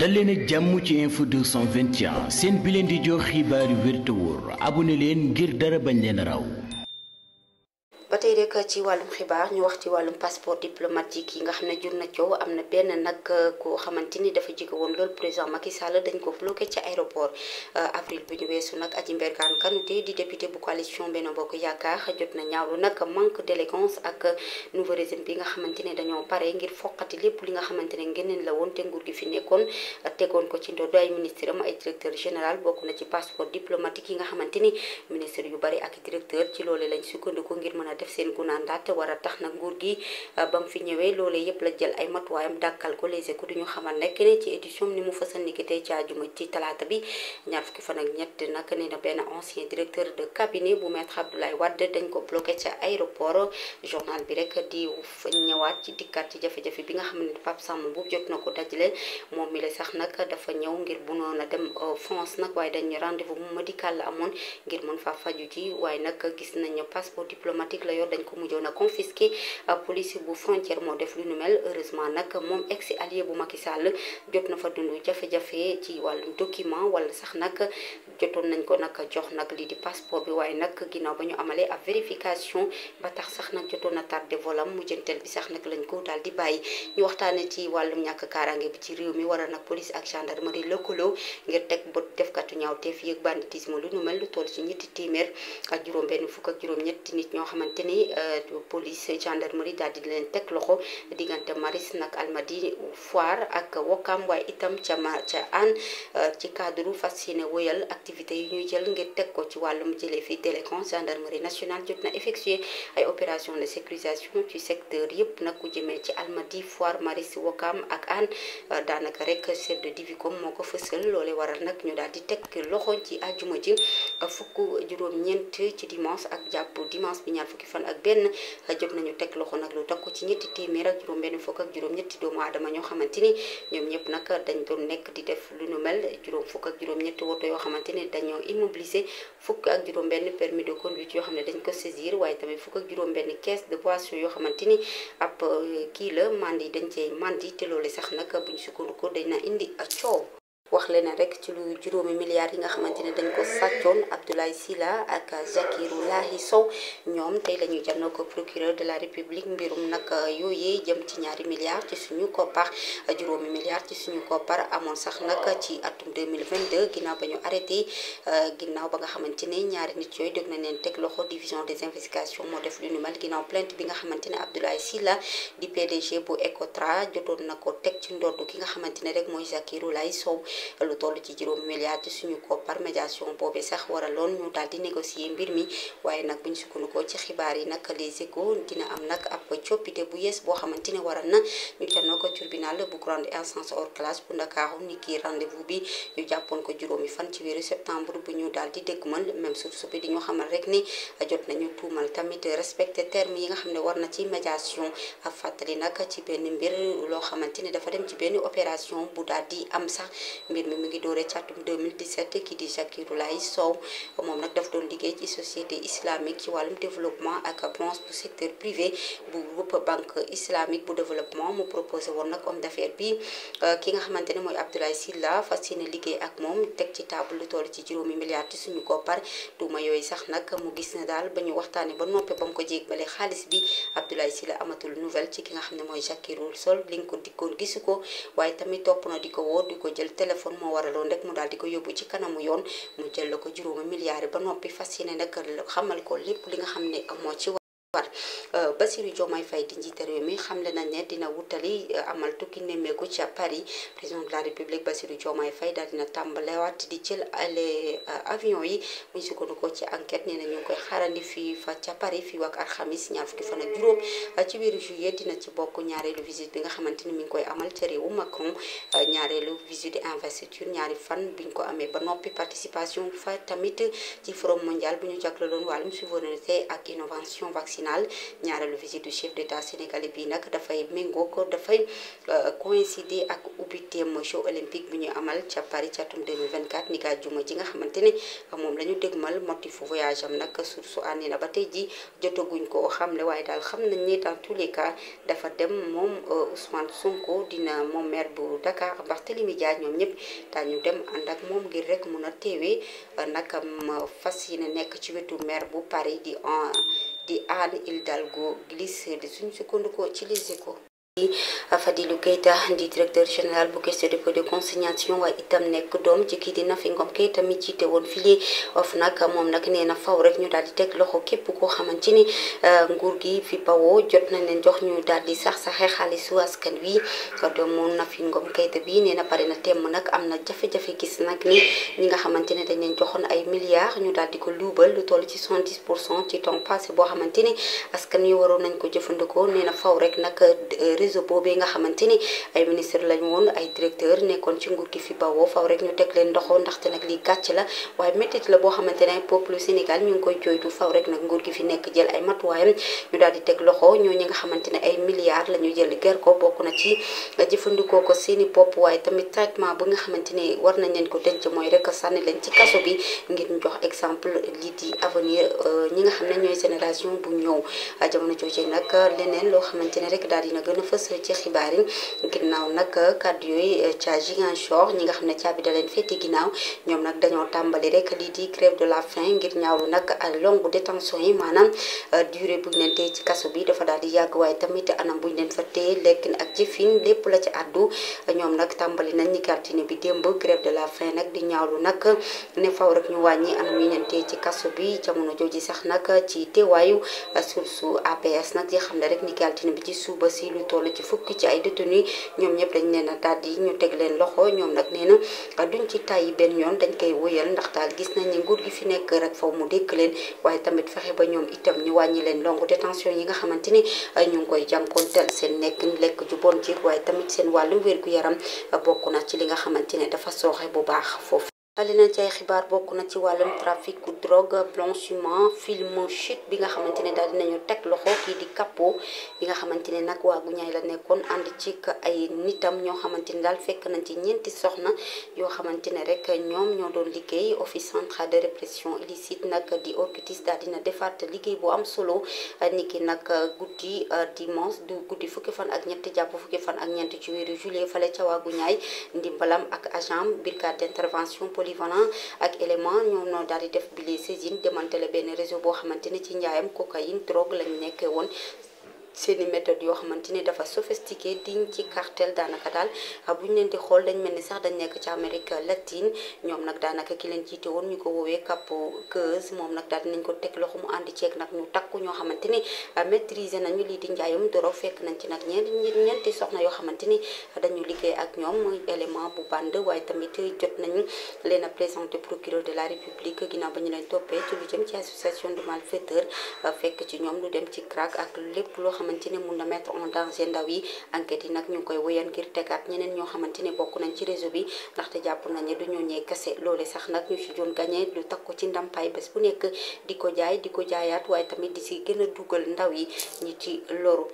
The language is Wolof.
dal leen ak jàmm ci info 221 seen bi leen di jox xibaar yu wér te abu abonné leen ngir dara bañ leen raw ba tey rek ci wàllum xibaar ñu wax ci wàllum passeport diplomatique yi nga xam ne jur na coow am na benn nag euh, koo xamante ni dafa jege woon loolu président Macky Sall dañ ko bloqué ci aéroport euh, avril bu ñu weesu nag Adji Mbergane Kanouté di député bu coalition Benno Bokk Yaakaar jot na ñaawlu nag manque d'élégance ak nouveau régime bi nga xamante ne dañoo pare ngir foqati lépp li nga xamante ne ngeneen la woon te gi fi nekkoon tegoon ko ci ndodd ay ministre ay directeur général bokk na ci passeport diplomatique yi nga xamante ni ministre yu bari ak directeur ci loole lañ sukkandiku ngir mën a def seen gunandaat war a tax nag nguur gi euh, ba mu fi ñëwee loolee yëpp la jël ay matuwaayam dàkkal ko les écoles ñu xamal ne keneen ci édition ni mu fa niki tey ci àjjuma ci talaata bi ñaar fukki fan ak na benn ancien directeur de cabinet bu maître Abdoulaye Wade dañ ko bloqué ca aéroport journal bi rek di ñëwaat ci dikkaat ci jafe-jafe bi nga xam ne Pape Samba boobu jot na ko dajale moom mi la sax nag dafa ñëw ngir bu noon a dem euh, France nag waaye dañu rendez-vous médical la amoon ngir mën faa faju ji waaye nag gis nañu passeport diplomatique la yor dañ ko mujjoon a confisqué police bu frontière moo def lu nu mel heureusement nag moom ex allié bu Macky Sall jot na fa dund jafe-jafe ci wàllum document wala sax nag jotoon nañ ko nag jox nag lii di passeport bi waaye nag ginnaaw ba ñu amalee ab vérification ba tax sax nag jotoon na tardé volam mujjanteel bi sax nag lañ ko daal di bàyyi ñu waxtaanee ci wàllum ñàkk kaaraange bi ci réew mi waral nag police ak gendarmerie lëkkaloo ngir teg bët defkatu ñaaw teef yëg banditisme lu nu mel lu toll ci ñetti ak juróom benn fukk ak ñetti nit ñoo xamante xamante ni euh, police gendarmerie daal di leen teg loxo diggante maris nag almadi foire ak wokam waaye itam ca ma ca an euh, ci cadre fas yéene woyal activité yu ñuy jël ngir teg ko ci wàllum jëlee fi délinquance gendarmerie nationale jot na effectué ay opération de sécurisation ci secteur yëpp nag ku jëmee ci almadi foire maris wokam ak an euh, daanaka rek chef de moo ko fësal loole waral nag ñu daal di teg loxo ci àjjuma ji fukk juróom-ñeent ci dimanche ak jàpp dimanche fan ak benn jot nañu teg loxo nag lu takku ci ñetti téeméer ak juróom benn fukk ak juróom ñetti doomu aadama ñoo xamante ni ñoom ñëpp nag dañ doon nekk di def lu ñu mel juróom fukk ak juróom ñetti woto yoo xamante ni dañoo immobilisé fukk ak juróom benn permis de yoo xam ne dañ ko saisir waaye tamit fukk ak juróom benn caisse de boisson yoo xamante ni ab kii la mandi dañ cee mandi te loolu sax nag buñ sukkandiku dañ na indi ak coow wax leneen rek ci lu juróomi milliards yi nga xamante ne dañ ko sàccoon Abdoulaye Sylla ak Zakirou Lahi Sow ñoom tey la ñuy jànnoo ko procureur de la république mbirum nag yooyee jëm ci ñaari milliards ci suñu koppar juróomi milliards ci suñu koppar amoon sax nag ci atum 2022 ginnaaw ba ñu arrêté euh, ginnaaw ba nga xamante ne ñaari nit yooy dégg na leen teg loxo division des investigations moo def lu nu mel ginnaaw plainte bi nga xamante ne Abdoulaye Sylla di PDG bu Ecotra jotoon na ko teg ci ndoddu ki nga xamante ne rek mooy Zakirou Lahi lu toll ci juróom milliard ci suñu koppar médiation boobee sax waraloon ñu daal di négocier mbir mi waaye nag buñ sukkandikoo ci xibaar yi nag les ko dina am nag ab coppite bu yees boo xamante ne waral na ñu jannoo ko tribunal bu grande instance hors classe bu ndakaaru ni kii rendez-vous bi ñu jàppoon ko juróomi fan ci weeru septembre bu ñu daal di dégmal même source bi di ñu xamal rek ni jot nañu tuumal tamit respecté terme yi nga xam ne war na ci médiation ak fàttali nag ci benn mbir loo xamante ne dafa dem ci benn opération bu daal di am sax mbir mi mi ngi doore ci atum 2017 kii di Jakiroulaye Sow moom nag daf doon liggéey ci société islamique ci wàllum développement ak branche bu secteur privé bu groupe banque islamique bu développement mu proposé woon nag homme d'affaires bi euh, ki nga xamante ne mooy Abdoulaye Sylla fas yéene liggéey ak moom teg ci table lu toll ci juróomi milliards ci suñu koppar tuuma yooyu sax nag mu gis na daal ba ñu waxtaanee ba noppee ba mu ko jégbale ki nga xam ko dikkoon gisu ko waaye tamit téléphone moo waraloon rek mu daal di ko yóbbu ci kanamu yoon mu jël la ko juróomi milliards ba noppi fas yéene nag xamal ko lépp li nga xam ne moo ci war euh, Bassirou Diomaye Faye di njiite réew mi xamle na ne dina wutali euh, amal tukki nemmeeku ca Paris président de la République Bassirou Diomaye fay daal dina wat di jël les euh, avions yi bu ñu sukkandikoo ci enquête nee na ñu ngi koy xaarandi fii fa ca Paris fii ak alxamis ñaar fukki fan ak juróom ci weeru juillet dina ci bokk ñaareelu visite bi nga xamante ni mi ngi koy amal ca réewu Macron ñaareelu visite investiture ñaari fan bi ko amee ba noppi participation fa tamit ci forum mondial bu ñu jagleloon wàllum souveraineté ak nationale ñaareelu visite du chef d'état sénégalais bi nag dafay méngóog dafay euh, coïncider ak ubbiteem jeux olympique bi ñu amal ca Paris ca atum 2024 ni kaa juma ji nga xamante ni moom la ñu dégmal motifu voyage am nag suuf su àndi na ba tey ji jotaguñ ko xamle waaye daal xam nañ ni dans tous les cas dafa dem moom euh, Ousmane Sonko dina moom maire bu Dakar Barthélémy Dias ñoom ñëpp ñu dem ànd ak moom ngir rek mun a teewee euh, nag fas yi ne nekk ci wetu maire bu Paris di di aali hidalgo glycéride suñ sukkandikoo ci les échos Fadilou Keita di directeur général bu Caisse de dépôt de consignation waaye itam nekk doom ci di Nafi Ngom Keita mi jiite woon file of nag moom nag nee na faw rek ñu daal di teg loxo képp koo xamante ni euh, nguur gi fi bawoo jot nañ leen jox ñu daal di sax saxe xaalisu askan wi doomu Nafi Ngom Keita bi nee na pare na temm nag am na jafe-jafe gis nag ni ñi nga xamante ne dañ leen joxoon ay milliards ñu daal di ko luubal lu toll ci 70 ci temps boo xamante askan wi waroon nañ ko jëfandikoo nee faw rek nag euh, réseau boobee nga xamante ni ay ministre lañ woon ay directeur nekkoon ci nguur gi fi bawoo faw rek ñu teg leen la waaye métit la boo xamante ne peuple Sénégal ñu ngi koy jooytu faw rek nag nguur gi fi nekk nga xamante ne ay milliards na ci jëfandikoo ko seeni bopp waaye tamit traitement ci kaso bi ngir ñu jox exemple lii di avenir euh, nga xam ne ñooy génération bu ñëw loo xamante rek daal dina gën a fës fës ci xibaar yi ginnaaw nag kàddu yooyu eh, ca Ziguinchor ñi nga xam ne caabi da leen féete ginnaaw ñoom nag dañoo tàmbali rek lii di grève de la faim ngir ñaawlu nag ak longue yi maanaam eh, durée buñ leen tey ci kaso bi dafa daal di yàgg waaye tamit anam buñ leen fa tey lekkin ak jëfin lépp la ci àddu ñoom nag tàmbali nañ ñi gardine bi démb grève de la fin nag di ñaawlu nag ne faw rek ñu wàññi anam yi leen tey ci kaso bi jamono jooji sax nag ci teewaayu suuf su APS nag di ne rek ñi gardine bi ci suuba si lu toll toll ci fukki ci ay détenus ñoom ñëpp dañ neena daal ñu teg leen loxo ñoom nag nee na duñ ci tàyyi benn yoon dañ koy wóyal ndax daal gis na ne nguur gi fi nekk rek faw mu dékk leen waaye tamit fexe ba ñoom itam ñu wàññi leen longue détention yi nga xamante ni ñu ngi koy jànkoonteel seen nekk lekk ju bon waaye tamit seen wàllum wér gu yaram bokk na ci li nga xamante ne dafa sooxe bu baax foofu li nañ ci ay xibaar bokk na ci wàllum trafic drogue blanchiment film chute bi nga xamante ne daal dinañu teg loxo kii di Capo bi nga xamante ne nag waa ñaay la nekkoon ànd ci ay nitam ñoo xamante ne daal fekk nañ ci ñeenti soxna yoo xamante ne rek ñoom ñoo doon liggéey office central de répression illicite nag di OCRTIS daal dina defaat liggéey bu am solo ni ki nag guddi dimanche du guddi fukki fan ak ñetti jàpp fukki fan ak ñeent ci weeru juillet fale ca waa Guñaay ndimbalam ak agent polyvalent ak élément ñoom noo daal di def bile saisine démantelé benn réseau boo xamante ne ci njaayam cocaïne drogue lañ nekkee woon seen i yoo xamante ni dafa sophistiqué diñ ci cartel daanaka daal buñ leen di xool dañ mel ni sax dañ nekk ci Amérique latine ñoom nag daanaka ki leen ci woon ñu ko woowee Capo Keuz moom nag daal dinañ ko teg loxo mu ànd ceeg nag ñu takku ñoo xamante ni maîtriser nañu lii di njaayum doro fekk nañ ci nag ñeenti ñeenti soxna yoo xamante ni dañu liggéey ak ñoom muy élément bu bande waaye tamit jot nañu leen a présenté procureur de la république ginnaaw ba ñu leen toppee ci lu jëm ci association de malfaiteurs fekk ci ñoom lu dem ci xamante ne mun na mettre en danger ndaw yi enquête yi nag ñu ngi koy wéyal ngir tegaat ñeneen ñoo xamante ne bokk nañ ci réseau bi ndaxte jàpp nañ ne du ñoo ñee kese loole sax nag ñu ci doon gagné lu ko ci ndampaay bés bu nekk di ko jaay di ko jaayaat waaye tamit di si gën a dugal ndaw yi ñu ci loru